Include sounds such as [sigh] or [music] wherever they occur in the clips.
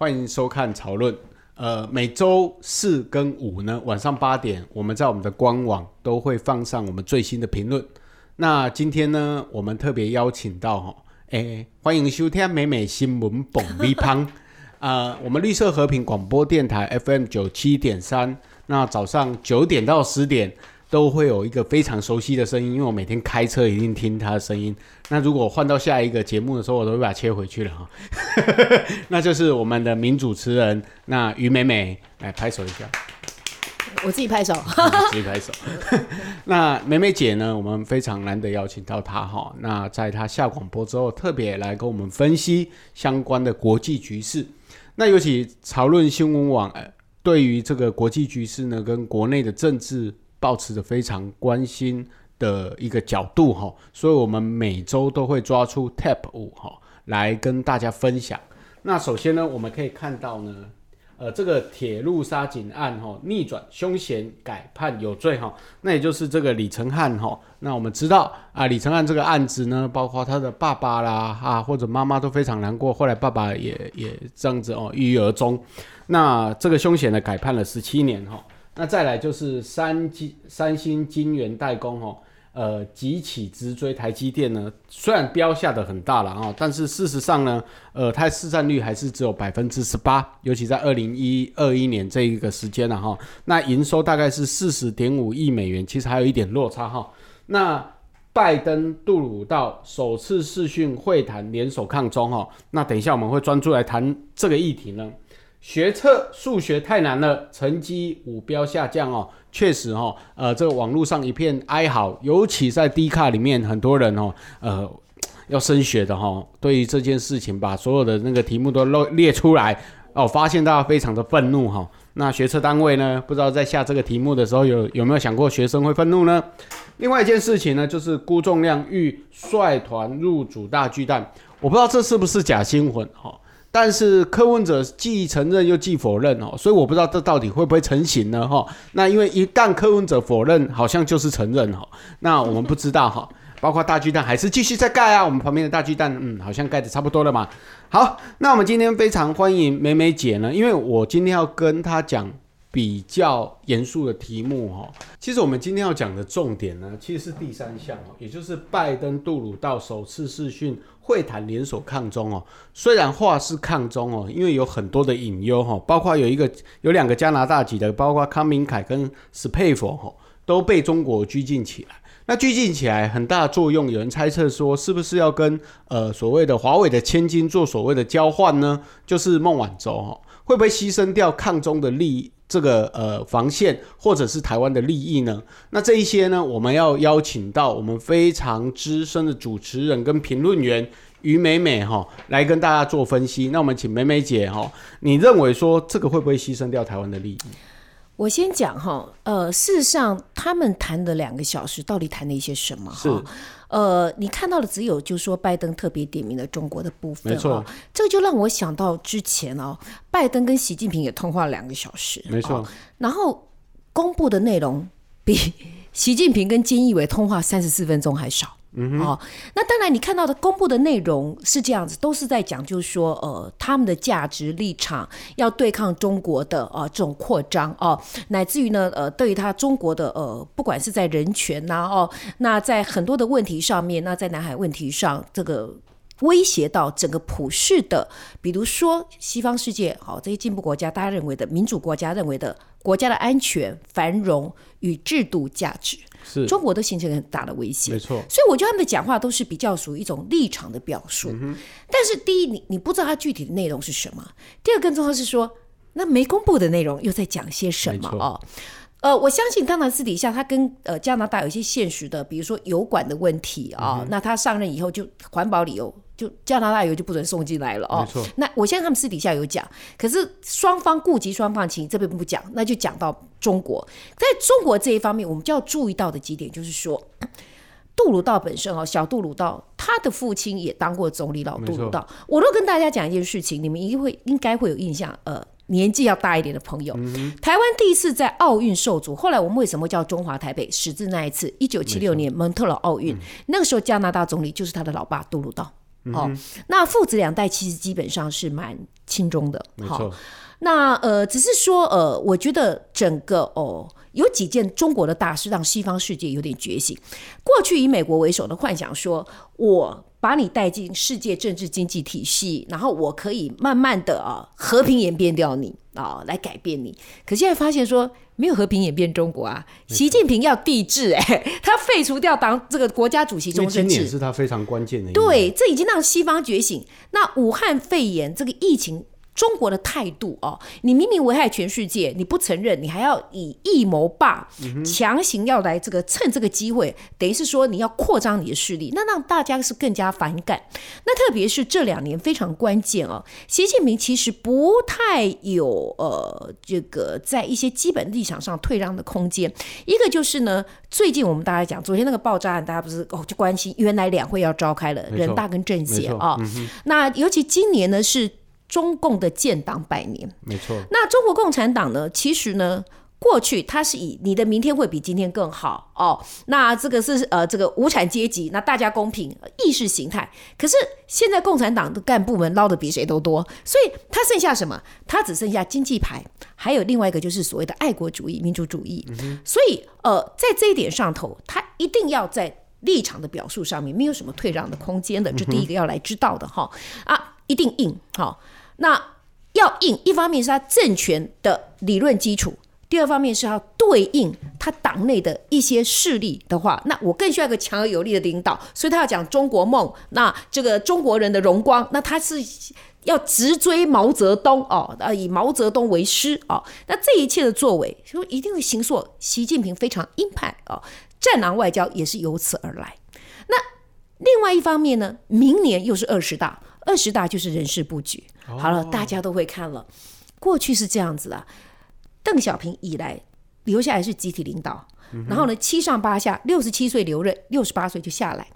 歡迎收看《潮論》。呃，每周四跟五呢，晚上八點，我們在我們的官網都會放上我們最新的評論。那今天呢，我們特別邀請到哈，哎，歡迎收聽美美新聞 Boom V Bang 啊，呃，我們綠色和平廣播電台 FM 九七點三。那早上九點到十點。都會有一個非常熟悉的聲音，因為我每天開車一定聽他的聲音。那如果換到下一個節目的時候，我都會把他切回去了哈、哦。 [laughs] 那就是我們的名主持人，那於美美來拍手一下，我自己拍手， [laughs] 我自己拍手。 [laughs] [laughs] [laughs] 那美美姐呢，我們非常難得邀請到她哈、哦。那在她下廣播之後，特別來跟我們分析相關的國際局勢。那尤其潮論新聞網對於這個國際局勢呢，跟國內的政治。抱持着非常關心的一個角度、哦、所以我們每周都會抓出 Tap 五哈、哦、來跟大家分享。那首先呢，我們可以看到呢，呃，這個鐵路殺警案哈、哦、逆轉兇嫌改判有罪哈、哦，那也就是這個李承翰哈、哦。那我們知道啊，李承翰這個案子呢，包括他的爸爸啦、啊、或者媽媽都非常難過，後來爸爸也也這樣子哦鬱鬱而終。那這個兇嫌呢，改判了十七年哈。哦那再來就是三星三星晶圓代工哦，呃，急起直追台積電呢？雖然標下的很大了啊，但是事實上呢，呃，它市占率還是只有百分之十八，尤其在二零二一年這一個時間了哈。那營收大概是四十點五億美元，其實還有一點落差哈。那拜登杜魯道首次視訊會談聯手抗中哈，那等一下我們會專注來談這個議題呢。學測數學太難了，成績五標下降哦，確實哦呃，這個網絡上一片哀嚎，尤其在 D 卡裡面，很多人哦，呃，要升學的哈、哦，對於這件事情，把所有的那個題目都列出來哦，發現大家非常的憤怒哈、哦。那學測單位呢，不知道在下這個題目的時候有有沒有想過學生會憤怒呢？另外一件事情呢，就是辜仲諒欲率團入主大巨蛋，我不知道這是不是假新聞哈。哦但是柯文哲既承認又既否認哦，所以我不知道這到底會不會成型呢哈、哦？那因為一旦柯文哲否認，好像就是承認哈、哦。那我們不知道哈、哦。包括大巨蛋還是繼續在蓋啊？我們旁邊的大巨蛋，嗯，好像蓋的差不多了嘛。好，那我們今天非常歡迎美美姐呢，因為我今天要跟她講。比較嚴肅的題目哈，其實我們今天要講的重點呢，其實是第三項，也就是拜登杜魯道首次視訊會談聯手抗中哦。雖然話是抗中哦，因為有很多的隱憂哈，包括有一個有兩個加拿大籍的，包括康明凱跟史佩弗哈，都被中國拘禁起來。那拘禁起來很大的作用，有人猜測說是不是要跟呃所謂的華為的千金做所謂的交換呢？就是孟晚舟會不會犧牲掉抗中的利益這個呃防線，或者是台灣的利益呢？那這一些呢，我們要邀請到我們非常資深的主持人跟評論員於美美哈、哦、來跟大家做分析。那我們請美美姐哈、哦，你認為說這個會不會犧牲掉台灣的利益？我先講哈，呃，事實上他們談的兩個小時到底談了一些什麼？哈。呃，你看到的只有就是說拜登特別點名了中國的部分，錯哦，這個就讓我想到之前哦，拜登跟習近平也通話兩個小時，沒錯錯、哦，然後公布的內容比習近平跟菅義偉通話三十四分鐘還少。嗯、哦，那當然，你看到的公布的內容是這樣子，都是在講，就是說，呃，他們的價值立場要對抗中國的啊、呃、這種擴張哦，乃至於呢，呃，對於他中國的呃，不管是在人權吶、啊，哦，那在很多的問題上面，那在南海問題上，這個威脅到整個普世的，比如說西方世界，好、哦，這些進步國家，大家認為的民主國家認為的國家的安全、繁榮與制度價值。中國都形成很大的威脅，沒錯。所以我覺得他們的講話都是比較屬於一種立場的表述。嗯、哼但是第一，你你不知道他具體的內容是什麼；第二，更重要是說，那沒公布的內容又在講些什麼錯哦？呃，我相信當然私底下他跟呃加拿大有一些現實的，比如說油管的問題啊。哦嗯、哼那他上任以後就環保理由。就加拿大油就不准送進來了哦。錯那我現在他們私底下有講，可是雙方顧及雙方情，這邊不講，那就講到中國。在中國這一方面，我們就要注意到的幾點，就是說，杜魯道本身哦，小杜魯道，他的父親也當過總理，老杜魯道。錯我都跟大家講一件事情，你們一定會應該會有印象，呃，年紀要大一點的朋友，嗯、哼台灣第一次在奧運受阻，後來我們為什麼叫中華台北？始自那一次，一九七六年蒙錯特婁奧運，嗯、那個時候加拿大總理就是他的老爸杜魯道。嗯、哦，那父子兩代其實基本上是蠻親中的。好錯、哦，那呃，只是說呃，我覺得整個哦，有幾件中國的大事讓西方世界有點覺醒。過去以美國為首的幻想說，我。把你帶進世界政治經濟體系，然後我可以慢慢的啊、喔、和平演變掉你啊、 [coughs] 喔，來改變你。可現在發現說沒有和平演變中國啊，習近平要帝制哎，他廢除掉黨這個國家主席終身制，今年是他非常關鍵的。對，這已經讓西方覺醒。那武漢肺炎這個疫情。中國的態度哦，你明明危害全世界，你不承認，你還要以疫謀霸，嗯哼，強行要來這個趁這個機會，等於是說你要擴張你的勢力，那讓大家是更加反感。那特別是這兩年非常關鍵哦，習近平其實不太有呃這個在一些基本立場上退讓的空間。一個就是呢，最近我們大家講昨天那個爆炸案，大家不是哦就關心原來兩會要召開了，沒錯，人大跟政協啊、嗯哼，哦，那尤其今年呢是中共的建黨百年，沒錯錯。那中國共產黨呢？其實呢，過去它是以你的明天會比今天更好哦。那這個是呃，這個無產階級，那大家公平意識形態。可是現在共產黨的幹部們撈得比誰都多，所以它剩下什麼？它只剩下經濟牌，還有另外一個就是所謂的愛國主義、民族主、主義。嗯、哼所以呃，在這一點上頭，他一定要在立場的表述上面沒有什麼退讓的空間的，這第一個要來知道的哈、嗯、哼啊，一定硬哈。哦那要硬，一方面是他政權的理論基礎，第二方面是他對應他黨內的一些勢力的話，那我更需要一個強而有力的領導，所以他要講中國夢，那這個中國人的榮光，那他是要直追毛澤東哦，啊，以毛澤東為師哦。那這一切的作為，說一定會形塑習近平非常鷹派哦，戰狼外交也是由此而來。那另外一方面呢，明年又是二十大。二十大就是人事佈局，oh. 好了，大家都會看了。過去是這樣子啊，鄧小平以來留下來是集體領導，mm hmm. 然後呢，七上八下，六十七歲留任，六十八歲就下來。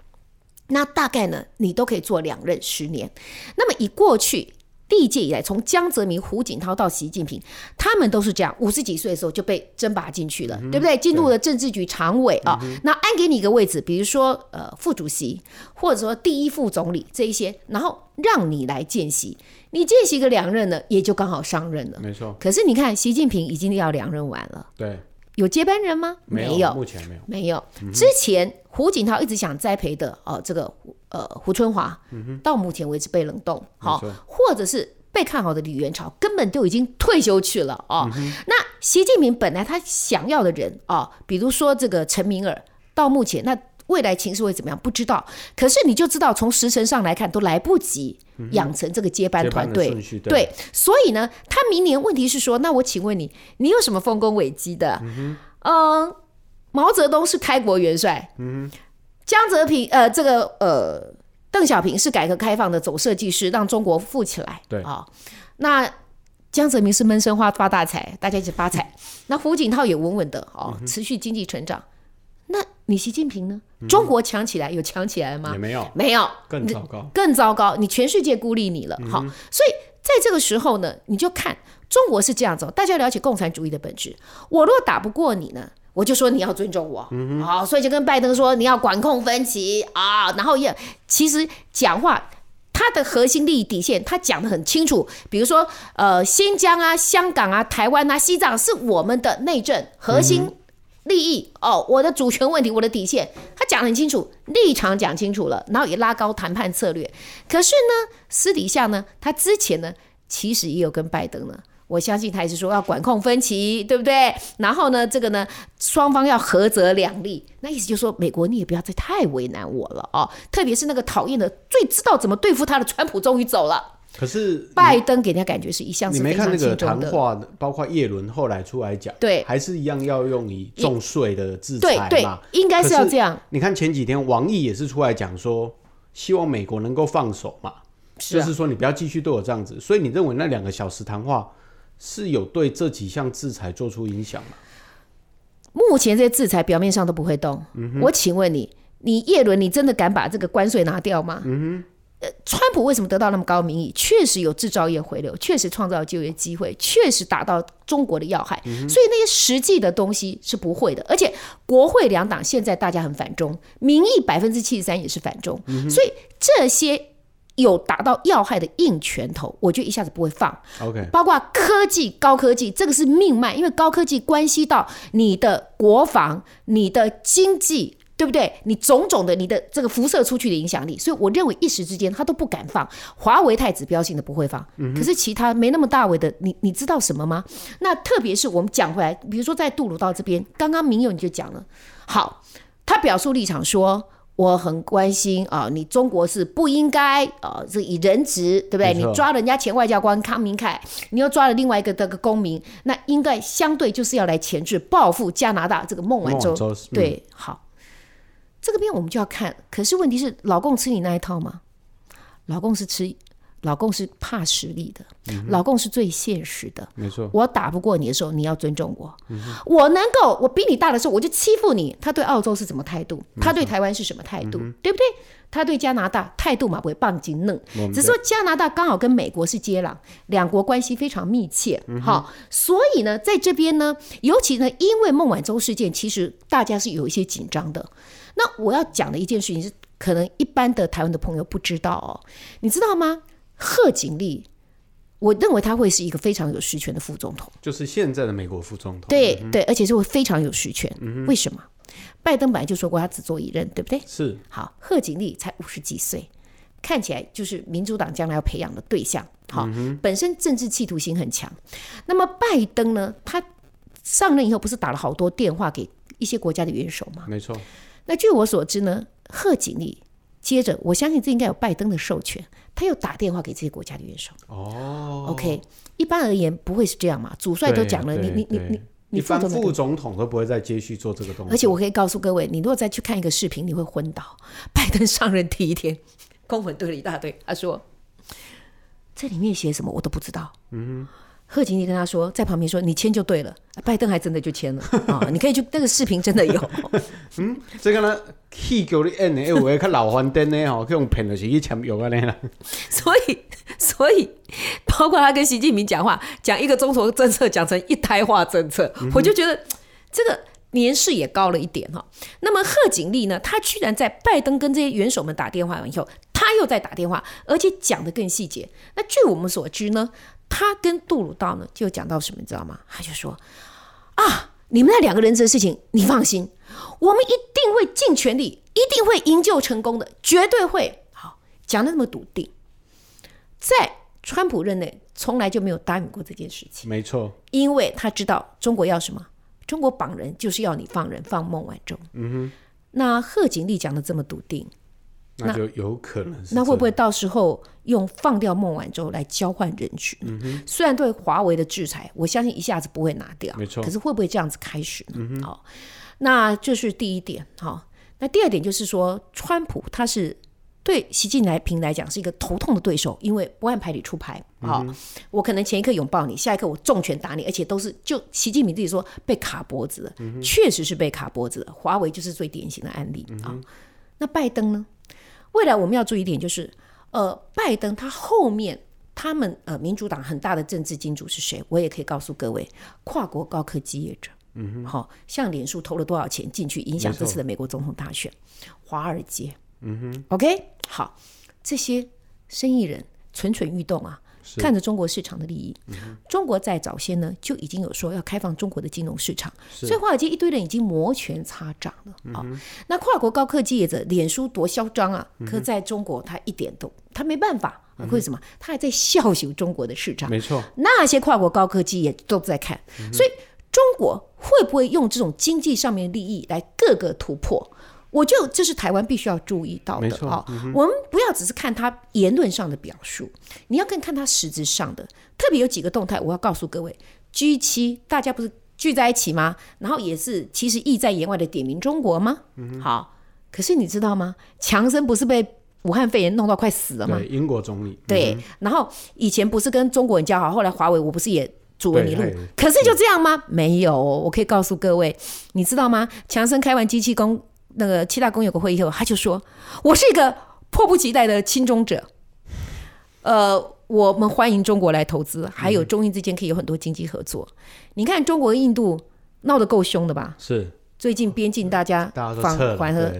那大概呢，你都可以做兩任十年。那麼以過去。第一屆以來，從江澤民、胡錦濤到習近平，他們都是這樣，五十幾歲的時候就被徵拔進去了，嗯、對不對？進入了政治局常委啊、嗯哦，那安給你一個位置，比如說呃副主席，或者說第一副總理這一些，然後讓你來見習，你見習個兩任呢，也就剛好上任了。沒錯。可是你看，習近平已經要兩任完了，對，有接班人嗎？沒有，目前沒有，沒有。嗯、哼之前胡錦濤一直想栽培的哦，這個。呃，胡春華、嗯、哼到目前為止被冷凍，好錯、哦，或者是被看好的李源潮根本就已經退休去了哦。嗯、哼那習近平本來他想要的人哦，比如說這個陳敏爾，到目前那未來情勢會怎麼樣不知道，可是你就知道從時辰上來看都來不及養成這個接班團隊，嗯、對，對所以呢，他明年問題是說，那我請問你，你有什麼豐功偉績的？嗯哼、呃，毛澤東是開國元帥。嗯江澤平，呃，這個，呃，鄧小平是改革開放的總設計師，讓中國富起來，對啊、哦。那江澤民是悶聲花發大財，大家一起發財。 [laughs] 那胡錦濤也穩穩的，哦，持續經濟成長。嗯、哼那你習近平呢？嗯、哼中國強起來有強起來嗎？也沒有，沒有，更糟糕，更糟糕。你全世界孤立你了，好、嗯哼哦，所以在這個時候呢，你就看中國是這樣子、哦。大家了解共產主義的本質。我若打不過你呢？我就說你要尊重我，啊、嗯哼哦，所以就跟拜登說，你要管控分歧啊、哦，然後也其實講話他的核心利益底線，他講的很清楚。比如說，呃，新疆啊、香港啊、台灣啊、西藏是我們的內政核心利益、嗯、哼哦，我的主權問題，我的底線，他講得很清楚，立場講清楚了，然後也拉高談判策略。可是呢，私底下呢，他之前呢，其實也有跟拜登呢。我相信他也是說要管控分歧，對不對？然後呢，這個呢，雙方要合則兩利。那意思就是說，美國你也不要再太為難我了啊、哦！特別是那個討厭的、最知道怎麼對付他的川普終於走了。可是拜登給人家感覺是一向是的，你沒看那個談話，包括葉倫後來出來講，對，還是一樣要用以重稅的制裁嘛對對？應該是要這樣。你看前幾天王毅也是出來講說，希望美國能夠放手嘛，是啊、就是說你不要繼續對我這樣子。所以你認為那兩個小時談話，是有對這幾項制裁做出影響嗎？目前這些制裁表面上都不會動。嗯、哼我請問你，你葉倫，你真的敢把這個關稅拿掉嗎？嗯哼川普為什麼得到那麼高民意？確實有制造業回流，確實創造就業機會，確實打到中國的要害。嗯、哼所以那些實際的東西是不會的。而且國會兩黨現在大家很反中，民意百分之七十三也是反中。嗯、哼所以這些。有打到要害的硬拳頭，我就一下子不會放。OK，包括科技、高科技，這個是命脈，因為高科技關係到你的國防、你的經濟，對不對？你種種的，你的這個輻射出去的影響力，所以我認為一時之間他都不敢放華為，太指標性的不會放。嗯哼。可是其他沒那麼大為的，你你知道什麼嗎？那特別是我們講回來，比如說在杜魯道這邊，剛剛明佑你就講了，好，他表述立場說。我很關心啊、哦，你中國是不應該啊、哦，是以人質，對不對？錯你抓人家前外交官康明凱，你又抓了另外一個這個公民，那應該相對就是要來鉗制報復加拿大這個孟晚舟。晚舟對，嗯、好，這個邊我們就要看。可是問題是，老共吃你那一套嗎？老共是吃。老共是怕實力的，嗯、哼老共是最現實的。沒錯錯，我打不過你的時候，你要尊重我。嗯、哼我能夠，我比你大的時候，我就欺負你。他對澳洲是什麼態度？錯他對台灣是什麼態度？嗯、哼對不對？他對加拿大態度嘛，不會棒斤嫩。嗯、哼只是說加拿大剛好跟美國是接壤，兩國關係非常密切。嗯哼哦、所以呢，在這邊呢，尤其呢，因為孟晚舟事件，其實大家是有一些緊張的。那我要講的一件事情是，可能一般的台灣的朋友不知道哦，你知道嗎？賀錦麗，我認為他會是一個非常有實權的副總統，就是現在的美國副總統。嗯、對對，而且是會非常有實權。嗯、哼為什麼？拜登本來就說過他只做一任，對不對？是。好，賀錦麗才五十幾歲，看起來就是民主黨將來要培養的對象。好，嗯、哼本身政治企圖心很強。那麼拜登呢？他上任以後不是打了好多電話給一些國家的元首嗎？沒錯。那據我所知呢，賀錦麗接着，我相信這應該有拜登的授權。他又打電話給這些國家的元首。哦、oh.，OK，一般而言不會是這樣嘛？主帥都講了，你你你你你，你你一般副總統都不會再接續做這個東西。而且我可以告訴各位，你如果再去看一個視頻，你會昏倒。拜登上任第一天，公文堆了一大堆，他說：“這裡面寫什麼我都不知道。嗯”嗯賀錦麗跟他說，在旁邊說：“你簽就對了。”拜登還真的就簽了啊！ [laughs] 哦、你可以去，那個視頻真的有。嗯，這個呢，he go the end，有誒，看老翻顛呢吼，去用騙的是去簽約安尼啦。所以，所以包括他跟習近平講話，講一個“中國政策”講成“一胎化政策”，我就覺得這個年事也高了一點哈。那麼賀錦麗呢，他居然在拜登跟這些元首們打電話以後，他又在打電話，而且講的更細節。那據我們所知呢，他跟杜魯道呢，就講到什麼，你知道嗎？他就說，啊，你們那兩個人質的事情，你放心，我們一定會盡全力，一定會營救成功的，絕對會。好，講得那麼篤定，在川普任內，從來就沒有答應過這件事情。沒錯，因為他知道中國要什麼，中國綁人就是要你放人，放孟晚舟。嗯哼，那賀錦麗講得這麼篤定。那就有可能是那，那會不會到時候用放掉孟晚舟來交換人質？嗯、哼雖然對華為的制裁，我相信一下子不會拿掉，沒錯錯。可是會不會這樣子開始呢？好、嗯哼哦，那就是第一點、哦、那第二點就是說，川普他是對習近平來講是一個頭痛的對手，因為不按牌理出牌。嗯、哼好，我可能前一刻擁抱你，下一刻我重拳打你，而且都是就習近平自己說被卡脖子了，確、嗯、哼實是被卡脖子了。華為就是最典型的案例啊、嗯哼哦。那拜登呢？未來我們要注意一點，就是，呃，拜登他後面他們呃民主黨很大的政治金主是誰？我也可以告訴各位，跨國高科技業者，嗯哼，好，像臉書投了多少錢進去影響這次的美國總統大選，華爾街，嗯哼，OK，好，這些生意人蠢蠢欲動啊。看着中國市場的利益，嗯、中國在早先呢就已經有說要開放中國的金融市場，是所以華爾街一堆人已經摩拳擦掌了啊、嗯哼哦。那跨國高科技業者臉書多囂張啊，嗯、哼可在中國他一點都他沒辦法，嗯、哼為什麼？他還在笑取中國的市場，沒錯，那些跨國高科技也都在看，嗯、哼所以中國會不會用這種經濟上面的利益來各個突破？我就這是台灣必須要注意到的哈、哦，嗯、我們不要只是看他言論上的表述，你要更看他實質上的。特別有幾個動態，我要告訴各位：G7 大家不是聚在一起嗎？然後也是其實意在言外的點名中國嗎？嗯、哼好，可是你知道嗎？強生不是被武漢肺炎弄到快死了嗎？對，英國總理、嗯、對，然後以前不是跟中國人交好，後來華為我不是也阻了你路？對可是就這樣嗎？對沒有，我可以告訴各位，你知道嗎？強生開完機器工。那個七大工業國會議後，他就說：“我是一個迫不及待的親中者。”呃，我們歡迎中國來投資，還有中印之間可以有很多經濟合作。嗯、你看，中國和印度鬧得夠凶的吧？是。最近邊境大家大家都撤了，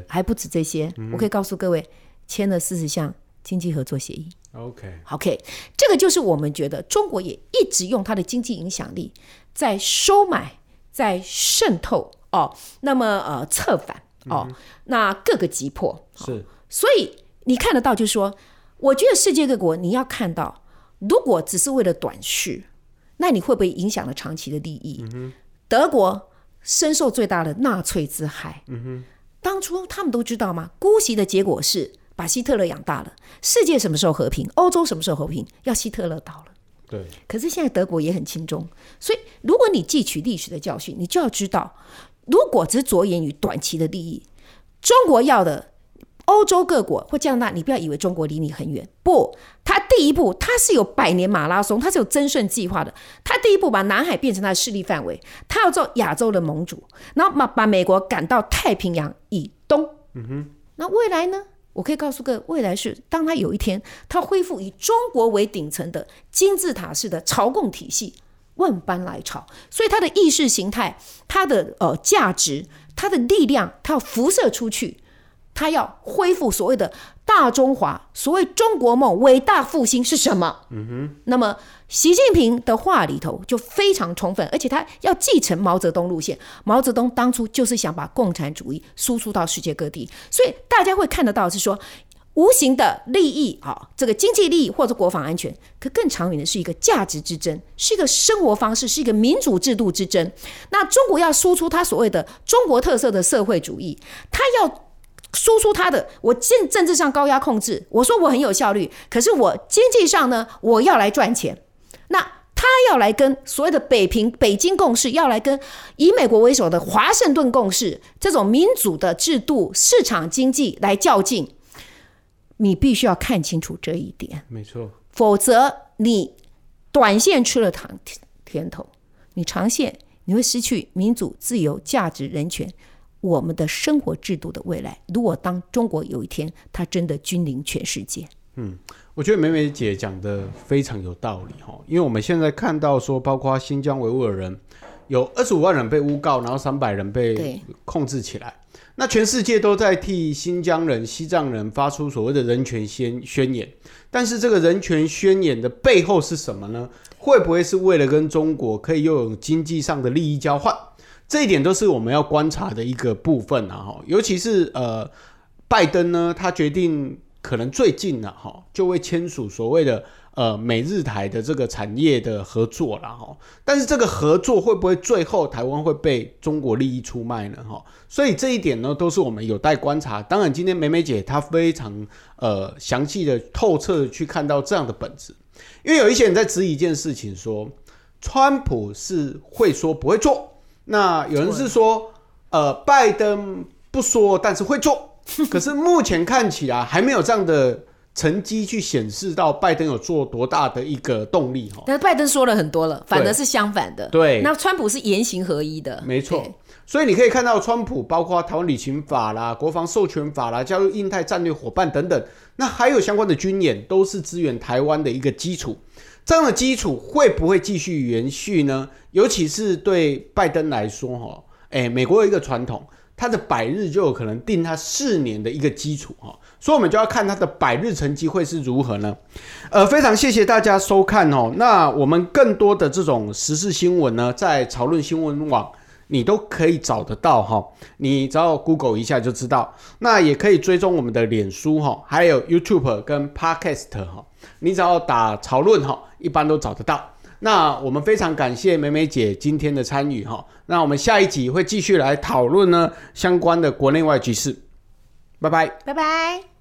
還不止這些。哦、我可以告訴各位，簽了四十項經濟合作協議。嗯、OK，OK，okay, 這個就是我們覺得中國也一直用它的經濟影響力在收買、在滲透哦。那麼呃，策反。哦，那各個擊破，哦、是，所以你看得到，就是說，我覺得世界各國你要看到，如果只是為了短視，那你會不會影響了長期的利益？嗯、哼德國深受最大的納粹之害。嗯、哼當初他們都知道嗎？姑息的結果是把希特勒養大了。世界什麼時候和平？歐洲什麼時候和平？要希特勒倒了。對。可是現在德國也很親中。所以如果你汲取歷史的教訓，你就要知道。如果只着眼於短期的利益，中國要的歐洲各國或加拿大，你不要以為中國離你很遠。不，他第一步，他是有百年馬拉松，他是有增順計劃的。他第一步把南海變成他的勢力範圍，他要做亞洲的盟主，然後把把美國趕到太平洋以東。嗯哼，那未來呢？我可以告訴各位，未來是當他有一天，他恢復以中國為頂層的金字塔式的朝貢體系。萬邦來朝，所以他的意識形態、他的呃價值、他的力量，他要輻射出去，他要恢復所謂的大中華、所謂中國夢、偉大復興是什麼？嗯哼。那麼習近平的話裡頭就非常充分，而且他要繼承毛澤東路線。毛澤東當初就是想把共產主義輸出到世界各地，所以大家會看得到是說。無形的利益啊，這個經濟利益或者國防安全，可更長遠的是一個價值之爭，是一個生活方式，是一個民主制度之爭。那中國要輸出它所謂的中國特色的社會主義，它要輸出它的，我政政治上高壓控制，我說我很有效率，可是我經濟上呢，我要來賺錢。那他要來跟所謂的北平、北京共事，要來跟以美國為首的華盛頓共事，這種民主的制度、市場經濟來較勁。你必須要看清楚這一點，沒錯，否則你短線吃了糖甜頭，你長線你會失去民主、自由、價值、人權，我們的生活制度的未來。如果當中國有一天他真的君臨全世界，嗯，我覺得美美姐講的非常有道理哈，因為我們現在看到說，包括新疆維吾爾人有二十五萬人被誣告，然後三百人被控制起來。那全世界都在替新疆人、西藏人發出所謂的人權宣宣言，但是這個人權宣言的背後是什麼呢？會不會是為了跟中國可以擁有經濟上的利益交換？這一點都是我們要觀察的一個部分啊！哈，尤其是呃，拜登呢，他決定可能最近啊，哈，就會簽署所謂的。呃，美日台的這個產業的合作啦。哈，但是這個合作會不會最後台灣會被中國利益出賣呢？哈，所以這一點呢，都是我們有待觀察。當然，今天美美姐她非常呃詳細的、透徹的去看到這樣的本質，因為有一些人在質疑一件事情，說川普是會說不會做，那有人是說呃拜登不說，但是會做，可是目前看起來還沒有這樣的成績去顯示到拜登有做多大的一個動力哈、哦？但是拜登說了很多了，對反而是相反的。對，那川普是言行合一的，沒錯。對所以你可以看到，川普包括台灣旅行法啦、國防授權法啦、加入印太戰略夥伴等等，那還有相關的軍演，都是支援台灣的一個基礎。這樣的基礎會不會繼續延續呢？尤其是對拜登來說、哦，哈、哎，美國有一個傳統。他的百日就有可能定他四年的一個基礎哈、哦，所以我們就要看他的百日成績會是如何呢？呃，非常謝謝大家收看哦。那我們更多的這種時事新聞呢，在潮論新聞網你都可以找得到哈、哦，你只要 Google 一下就知道。那也可以追蹤我們的臉書哈、哦，還有 YouTube 跟 Podcast 哈、哦，你只要打潮論哈、哦，一般都找得到。那我們非常感謝美美姐今天的參與哈、哦，那我們下一集會繼續來討論呢，相關的國內外局勢，拜拜，拜拜。